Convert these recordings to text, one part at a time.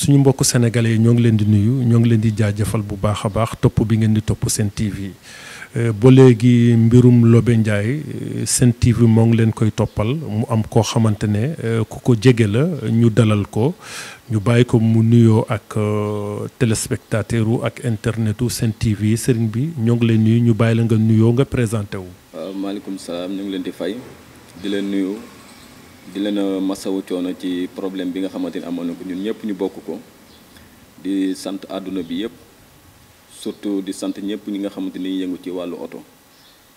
suñu mbokk sénégalais yi ñoo ngi leen di nuyu ñoo ngi leen di jaajëfal bu baax a baax topp bi ngeen di topp seen TV euh, ba léegi mbirum Lobé Ndiaye euh, seen TV moo ngi leen koy toppal mu am koo xamante ne euh, ku ko jege la ñu dalal ko ñu bàyyi ko mu nuyoo ak téléspectateur wu ak internetu seen TV sëriñ bi ñoo ngi leen nuyu ñu bàyyi la nga nuyoo nga présenté wu. maaleykum salaam ñu ngi leen di fay di leen nuyu. di leen massa masawu coono ci problème bi nga xamanteni amono ko ñun ñepp ñu bokk ko di sante aduna bi yépp surtout di sante ñepp ñi nga xamanteni ni yëngu ci walu auto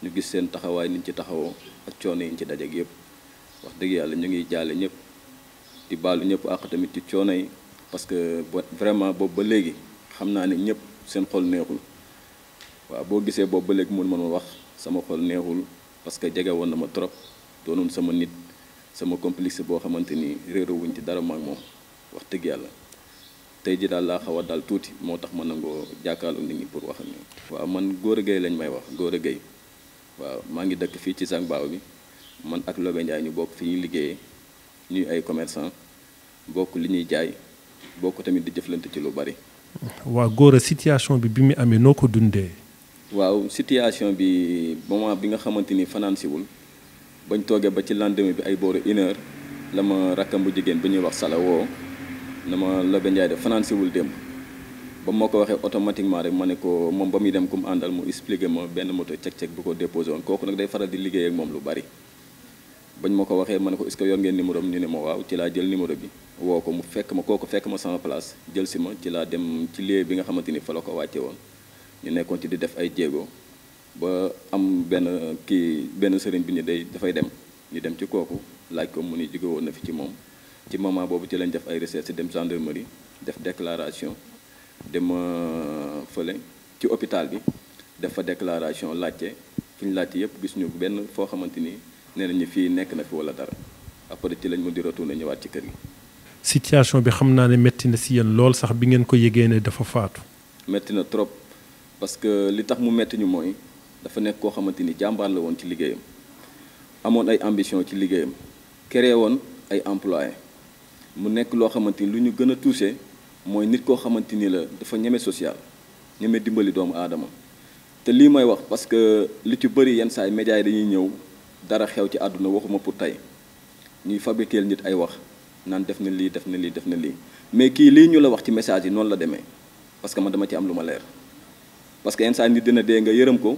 ñu gis seen taxaway niñ ci taxawoo ak coono yiñ ci ak yépp wax deug yalla ñu ngi jaale ñepp di balu ñepp ak tamit ci coono yi parce que vraiment ba légui xamna ni ñepp seen xol neexul wa bo gisee ba légui mën wax sama xol neexul parce que jégé won na ma trop sama nit sama complice bo xamanteni ni réeroo wuñ ci dara mo ak mom wax teug yalla tey ji daal laa xaw a daal tuuti moo tax ma nit ñi pour wax ak wa man Gora Gueye lañ may wax Gora Gueye waaw maa ngi dëkk fii ci Zangbaw bi man ak Lobé Ndiaye ñu bok fi ñuy liggéey ñuy ay commerçant bokk li ñuy jaay bokk tamit di jëflante ci lu bari. wa Gora situation bi bi mi amé noko dundé dundee. waaw situation bi moment bi nga xamanteni ni wul bañ toogee ba ci lendemain bi ay booru une la ma rakkam bu jigéen bu ñuy wax sala woo na ma Lobé Ndiaye de finansiwul démb ba moo ko waxee automatiquement rek ma ne ko moom ba muy dem ku mu àndal mu expliqué ma benn moto cek-cek bu ko déposé woon kooku nag day faral di liggéey ak moom lu bari bañ ma ko waxee ma ne ko est-ce que yor ngeen numéro am ñu ne ma waaw ci laa jël numéro bi woo ko mu fekk ma kooku fekk ma sama place jël si ma ci laa dem ci bi nga xamante ni fa la ko wàcce woon ñu nekkoon ci di def ay ba am benn kii benn sëriñ bi ni day dafay dem ñu dem ci kooku laaj ko mu ni jóge woon na fi ci moom ci moment boobu ci lañ def ay recherche dem gendarmerie def déclaration dem euh, fële ci hôpital bi def fa déclaration laajte fi ñu laajte yëpp gis ñu benn foo xamante ni nee nañu fii nekk na fi wala dara après ci lañ mu di retourné ñëwaat ci kër gi. situation bi xam naa ne métti na si yéen lool sax bi ngeen ko yëgee ne dafa faatu. métti na trop parce que li tax mu métti ñu mooy. dafa nekk koo xamante ni jàmbaar la woon ci liggéeyam amoon ay ambition ci liggéeyam créé woon ay employés mu nekk loo xamante ni lu ñu gën a touché mooy nit koo xamante ni la dafa ñeme social ñeme dimbali doomu aadama te lii may wax parce que li ci bëri yenn saa yi yi dañuy ñëw dara xew ci àdduna waxuma pour tey ñuy fabriquer nit ay wax naan def na lii def na lii def na lii mais kii lii ñu la wax ci message yi noonu la demee parce que man dama ci am lu ma leer parce que yenn yi dina dee nga yërëm ko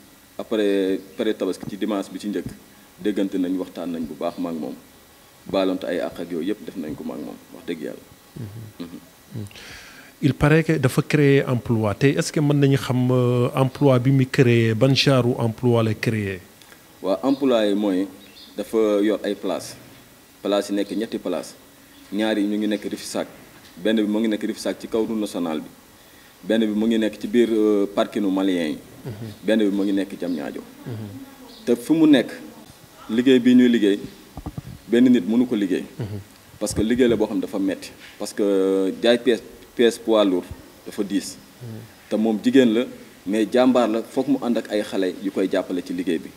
après pare tabaski ci dimanche bi ci njëkk déggante nañ waxtaan nañ bu baax maak moom baalonte ay àq ak yooyu yëpp def nañ ko maak moom wax dëgg yàlla. Mhm. Mhm. Mm-hmm. il paraît que dafa créer emploi te est-ce que mën nañu xam euh, emploi bi mu créer ban genre emploi la créer. waa emploi yi mooy dafa yor ay place place yi nekk ñetti place ñaar yi ñu ngi nekk Rufisque benn bi mu ngi nekk Rufisque ci kaw route nationale bi benn bi mu ngi nekk ci biir euh, parkinu malien yi. benn bi mu ngi nekk jam ñaajo te fi mu nekk liggéey bi ñuy liggéey benn nit mënu ko liggéey parce que liggéey la boo xam dafa metti parce que euh, jaay pièce pièce poids lour dafa diis te moom jigéen la mais jàmbaar la foog mu ànd ak ay xale yu koy jàppale ci liggéey bi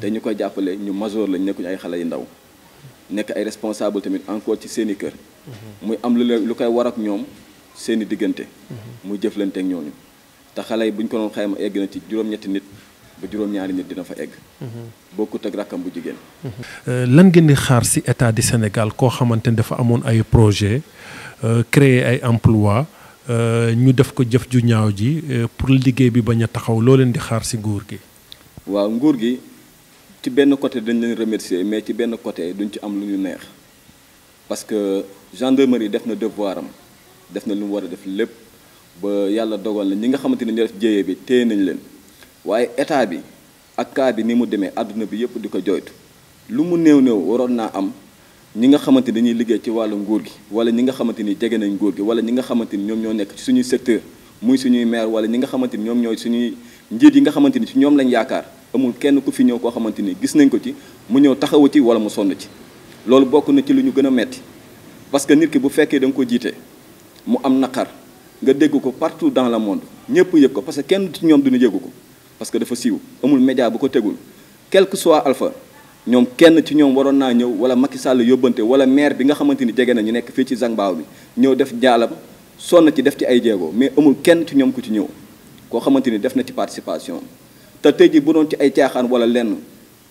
te ñu koy jàppale ñu majeur lañ nekkuñu ay xale yu ndaw nekk ay responsable tamit encore ci seen i kër muy am lu lu koy war ak ñoom seen i diggante mu jëflanteek ñooñu te xale yi bu ñu ko doon xayma egg na ci juróom-ñetti nit ba juróom-ñaari nit dina fa egg. bokkut ak rakkam bu jigéen. lan ngeen di xaar si état du Sénégal koo xamante ni dafa amoon ay projet créer ay emploi ñu def ko jëf ju ñaaw ji pour liggéey bi bañ a taxaw loo leen di xaar si nguur gi. waaw nguur gi ci benn côté dañ leen remercier mais ci benn côté duñ ci am lu ñu neex parce que gendarmerie def na devoir am def na lu mu war a def lépp. ba yàlla dogal na ñi nga xamante ni ñu def jéye bi téye nañ leen waaye état bi ak cas bi ni mu demee àdduna bi yëpp di ko joytu lu mu néew néew waroon naa am ñi nga xamante ni dañuy liggéey ci wàll nguur gi wala ñi nga xamante ni jege nañ nguur gi wala ñi nga xamante ni ñoom ñoo nekk ci suñuy secteur muy suñuy maire wala ñi nga xamante ni ñoom ñooy suñuy njiit yi nga xamante ni ci ñoom lañ yaakaar amul kenn ku fi ñëw koo xamante ni gis nañ ko ci mu ñëw taxawu ci wala mu sonn ci loolu bokk na ci lu ñu gën a metti parce que nit bu fekkee da nga ko jiite mu am naqar nga dégg ko partout dans le monde ñëpp yëg ko parce que kenn ci ñoom duñu yëgu ko parce que dafa siiw amul média bu ko tegul quel que soit alpha ñoom kenn ci ñoom waroon naa ñëw wala Macky Sall yóbbante wala maire bi nga xamante ni jege na ñu nekk fii ci Zangbaaw bi ñëw def jaalam sonn ci def ci ay jéego mais amul kenn ci ñoom ku ci ñëw koo xamante ni def na ci participation te tey jii bu doon ci ay caaxaan wala lenn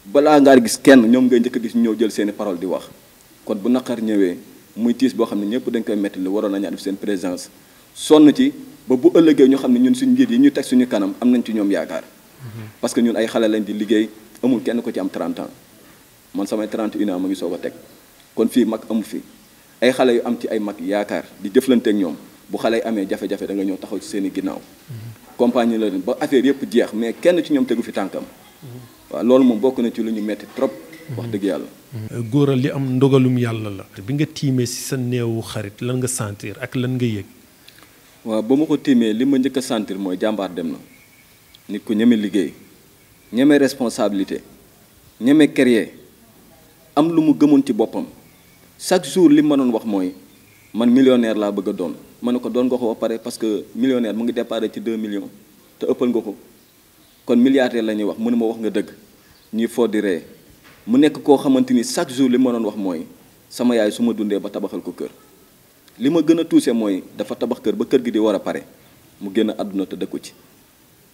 balaa ngaa gis kenn ñoom ngay njëkk a gis ñëw jël seeni parole di wax kon bu naqar ñëwee muy tiis boo xam ne ñëpp dañ koy metti lu waroon nañu def seen présence sonn ci ba bu ëllëgee ñu xam ne ñun suñ njiit yi ñu teg suñu kanam am nañ ci ñoom yaakaar mm-hmm. parce que ñun ay xale lañ di liggéey amul kenn ko ci am 30 ans man samay 31 ans ma ngi soog a teg kon fii mag amu fi ay xale yu am ci ay mag yaakaar di jëflanteek ñoom bu xale yi amee jafe-jafe da nga ñëw taxaw ci seen i ginnaaw mm-hmm. compagnie la ba affaire yëpp jeex mais kenn ci ñoom tegu fi tànkam mm-hmm. waaw loolu moom bokk nañ ci lu ñu metti trop wax dëgg yàlla góoral li am ndogalum yàlla la bi nga tiimee si sa néewu xarit lan sentir ak lan nga yëg waaw ba ma ko tiimee li ma njëkk a sentir mooy jàmbaar dem na nit ku ñeme liggéey ñemee responsabilité ñeme créer am lu mu gëmoon ci boppam chaque jour li ma doon wax mooy man millionaire laa bëgg a doon ma ne ko doon nga ko ba pare parce que millionnaire mu ngi déparé ci 2 millions te ëppal nga ko kon milliardaire la ñuy wax mu ne ma wax nga dëgg ñuy foo di mu nekk koo xamante ni chaque jour li ma doon wax mooy sama yaay su ma dundee ba tabaxal ko kër. li ma gën a tuuse mooy dafa tabax kër ba kër gi di war a pare mu génn àdduna te dëkku ci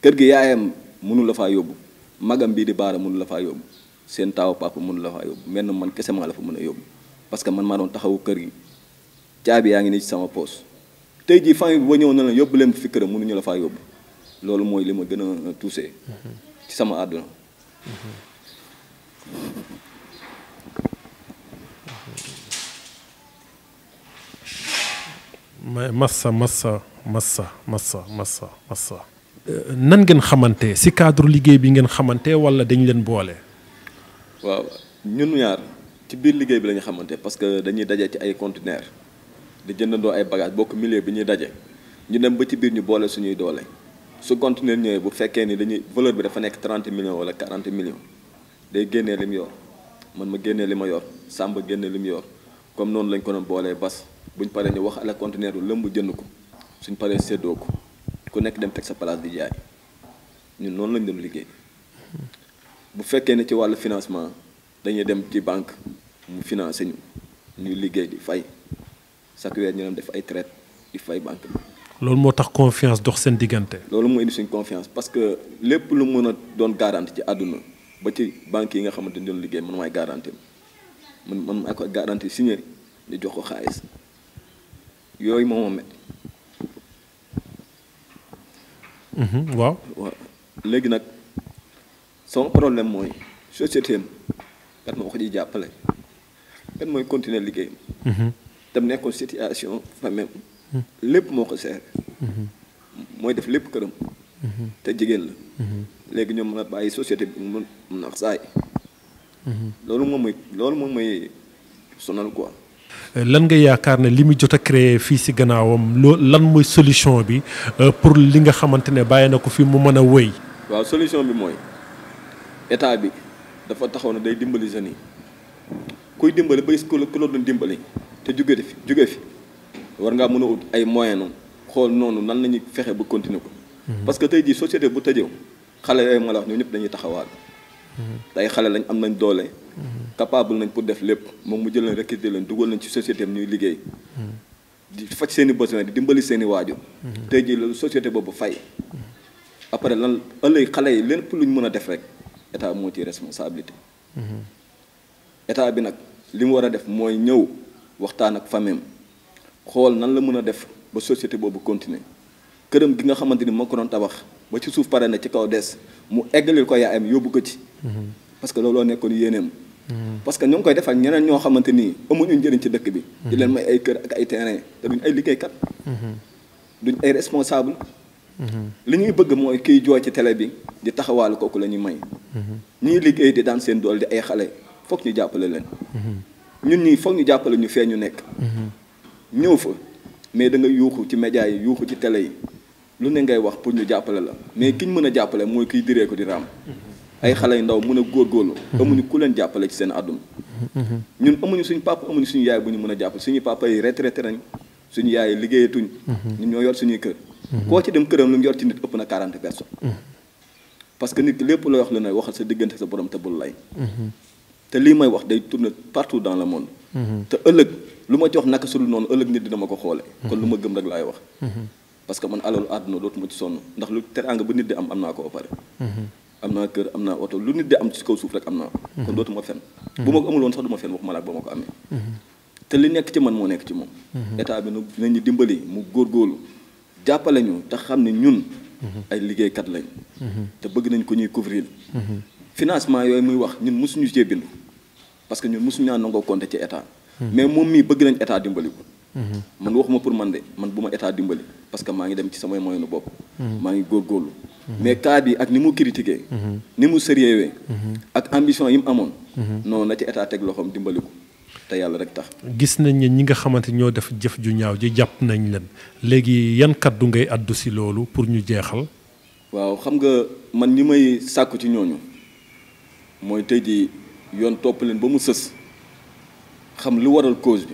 kër gi yaayam mënu la faa yóbbu magam bii di baara mënu la faa yóbbu seen taaw papa mënu la faa yóbbu menn man kese maa la fa mën a yóbbu parce que man maa doon taxawu kër gi caabi yaa ngi nii ci sama poos tey jii famille bi ba ñëw na la yóbbu leen fi këram mënuñu la faa yóbbu loolu mooy li ma gën a tuuse mhm. ci sama àdduna mhm. massa massa massa massa massa massa euh, nan ngeen xamante si cadre liggéey bi ngeen xamante wala dañ leen boole. waaw ñun ñaar ci biir liggéey bi la xamante parce que dañuy daje ci ay conteneur di jëndandoo ay bagages bokk millier bi ñuy daje ñu dem ba ci biir ñu boole suñuy doole su conteneur ñëwee bu fekkee ni dañuy valeur bi dafa nekk 30 millions wala quarante millions day génnee li yor man ma génnee li ma yor Samba génnee li mu yor. comme nous lañ ko non si bas buñ paré ñu wax ala conteneur lu lëmb jënd ko suñ Si nous ku nekk dem sa place di jaay ñun non lañ dem liggéey bu fekkee ne ci financement dañuy dem ci banque mu financer. Nous ñuy liggéey di fay chaque weer ñu dem def ay traite di fay banque confiance dox seen diggante. loolu moo indi suñ confiance parce que lépp lu mën a garantie garanti ci ba ci banque yi nga xamante man man maa ko garanti signé di jox ko xaalis yooyu moo ma mhm, waaw waaw léegi nag sama problème mooy société am kat moo ko ci jàppale kat mooy continuer liggéeyam mhm. tam nekkoon situation famille am mhm. lépp moo ko seer mooy def lépp këram te jigéen la léegi ñoom mën a bàyyi société bi mu mën saay loolu moom mooy loolu moom mooy sonal ko lan nga yaakaar ne li muy jot a créé fii si gannaawam loo lan mooy solution bi euh, pour li nga xamante ne bàyyi na ko fi mu mën a wéy. waaw solution bi mooy état bi dafa taxaw na day dimbali jeunes yi kuy dimbali ba gis ku la ku dimbali te jóge fi jóge fi war ngaa mën a ut ay moyen noonu xool noonu nan la ñuy fexe ba continuer ko. Mhm. parce que tey jii société bu tëjee xale ay malax ñoo ñëpp dañuy taxawaat. tey xale lañ am nañ doole. capable nañ pour def lépp moom mu jël leen recruter leen dugal leen ci société am ñuy liggéey. di faj seen i besoin di dimbali seeni i waajur. tey jii loolu société boobu fay. après lan ëllëg xale yi lu luñ mën a def rek état moo ci responsabilité. état bi nag li mu war a def mooy ñëw waxtaan ak famille xool nan la mën a def ba société boobu continuer këram gi nga xamante ni moo ko doon tabax ba ci suuf pare na ci kaw des mu eggalil ko yaayam yóbbu ko ci. parce que looloo nekkoon yéeneem. Mhm. parce que ñoo koy defal ñeneen ñoo xamante ni amuñu njëriñ ci dëkk bi. di mhm. leen may ay kër ak ay terrain te duñ ay liggéeykat. Mhm. duñ ay responsable. li ñuy bëgg mooy kiy jooy ci tele bi di taxawaale kooku la ñuy may. ñiy liggéey di daan seen dool di ay xale foog ñu jàppale leen. ñun ñii foog ñu jàppale ñu fee ñu nekk. ñëw fa mais da nga yuuxu ci média yi yuuxu ci tele yi lu ne ngay wax pour ñu jàppale la mais ki ñu mën a jàppale mooy kiy diree ko di raam. ay xalé yu ndaw mën a góorgóorlu amuñu ku leen jàppale ci seen àdduna ñun amuñu suñu papa amuñu suñu yaay bu ñu mën a suñu papa yi retraité nañ suñu yaay yi liggéeyatuñ ñun ñoo yor suñu kër ko ci dem kërëm lu mu ci nit ëpp na 40 personnes parce que nit lepp lépp wax la ne waxal sa digënté sa borom te bul lay te li may wax day tourner partout dans le monde te ëllëg lu ma ci wax naka sulu non ëllëg nit dina mako xolé kon lu ma gëm rek lay wax parce que man alalu àdduna dootuma ci sonn ndax lu teranga bu nit di am amna ko opéré am na kër am na oto lu nit di am ci kaw suuf rek am na ko mhm. kon dootuma fen bu ma ko amul woon du ma fen waxuma laa ma ko amee mhm. te li nekk ci man moo nekk ci moom mhm. état bi nag ñu dimbali mu góor góorgóorlu jàppale ñu te xam ne ñun ay liggéeykat lañ te bëgg nañ ko ñuy couvrir financement yooyu muy wax ñun mosuñu cee bindu parce que ñun mosuñu naa nangoo compter ci état mais moom mii bëgg nañ état dimbali ko man waxuma pour man de man bu ma état dimbali parce que maa ngi dem ci samay moyenu bopp. Mhm. maa ngi góorgóorlu. Mhm. mais cas bi ak ni mu critiqué. Mhm. ni mu sérieux ak ambition yi mu amoon. non na ci état teg loxoom dimbali ko te yàlla rek tax. gis nañ ni ñi nga xamante ñoo def jëf ju ñaaw ji jàpp nañ leen léegi yan kaddu ngay addu si loolu pour ñu jeexal. waaw xam nga man ñi may sàkku ci ñooñu mooy tey ji yoon topp leen ba mu sës xam lu waral cose bi.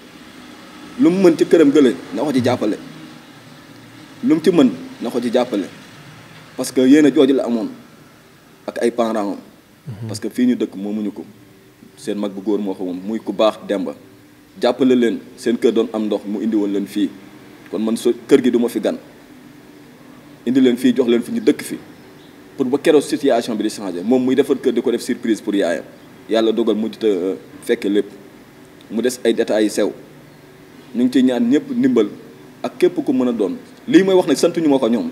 lu mu mën ci këram gële na ko jàppale lu mu ci mën na ko ci jàppale parce que yéen a jooju la amoon ak ay parents am mhm. parce que fii ñu dëkk moomuñu ko seen mag bu góor moo ko moom muy ku baax demba jàppale leen seen kër doon am ndox mu indi woon leen fii kon man so kër gi duma fi gan indi leen fii jox leen fi ñu dëkk fi pour ba keroog situation bi di changé moom muy defar kër di ko def surprise pour yaayam yàlla dogal mu te euh, fekke lépp mu des ay détails ay sew ñu ngi ciy ñaan ñëpp ndimbal ak képp ku mën a doon lii may wax nag santuñu ma ko ñoom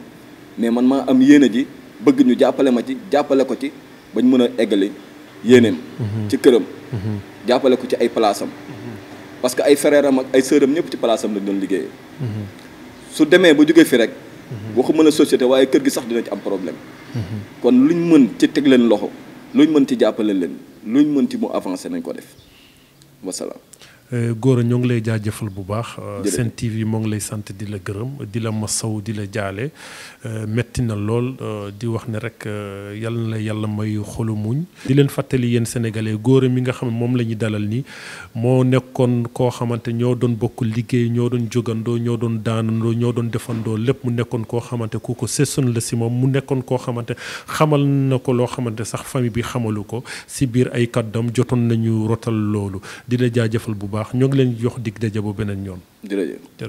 mais man maa am yéene ji bëgg ñu jàppale ma ci jàppale ko ci bañ mën a eggali yéeneem. Mhm. ci këram. Mhm. jàppale ko ci ay place mhm. parce que ay frère am ak ay sœur am ñëpp ci place am lañ doon liggéeyee. su demee ba jógee fi rek. mën a société waaye kër gi sax dina ci am problème. kon lu ñu mën ci teg leen loxo luñ mën ci jàppale leen luñ mën ci mu avancé nañ ko def wasalaam. Euh, Gora ñoo ngi lay jaajëfal bu baax. Euh, Sen TV moo ngi lay sant di la gërëm di la ma masaw di la jaale euh, metti na lool di wax ne rek yal na la yàlla may xolu muñ. di leen fàttali yéen sénégalais Gora mi nga xam ne moom la ñu dalal nii moo nekkoon koo xamante ñoo doon bokk liggéey ñoo doon jógandoo ñoo doon daanandoo ñoo doon defandoo lépp mu nekkoon koo xamante ku ko sessoon la si moom mu nekkoon koo xamante xamal na ko loo xamante sax fami bi xamalu ko si biir ay kàddam jotoon nañu rotal loolu baax ñoo ngi leen jox dig daje bu beneen yoon. jërëjëf.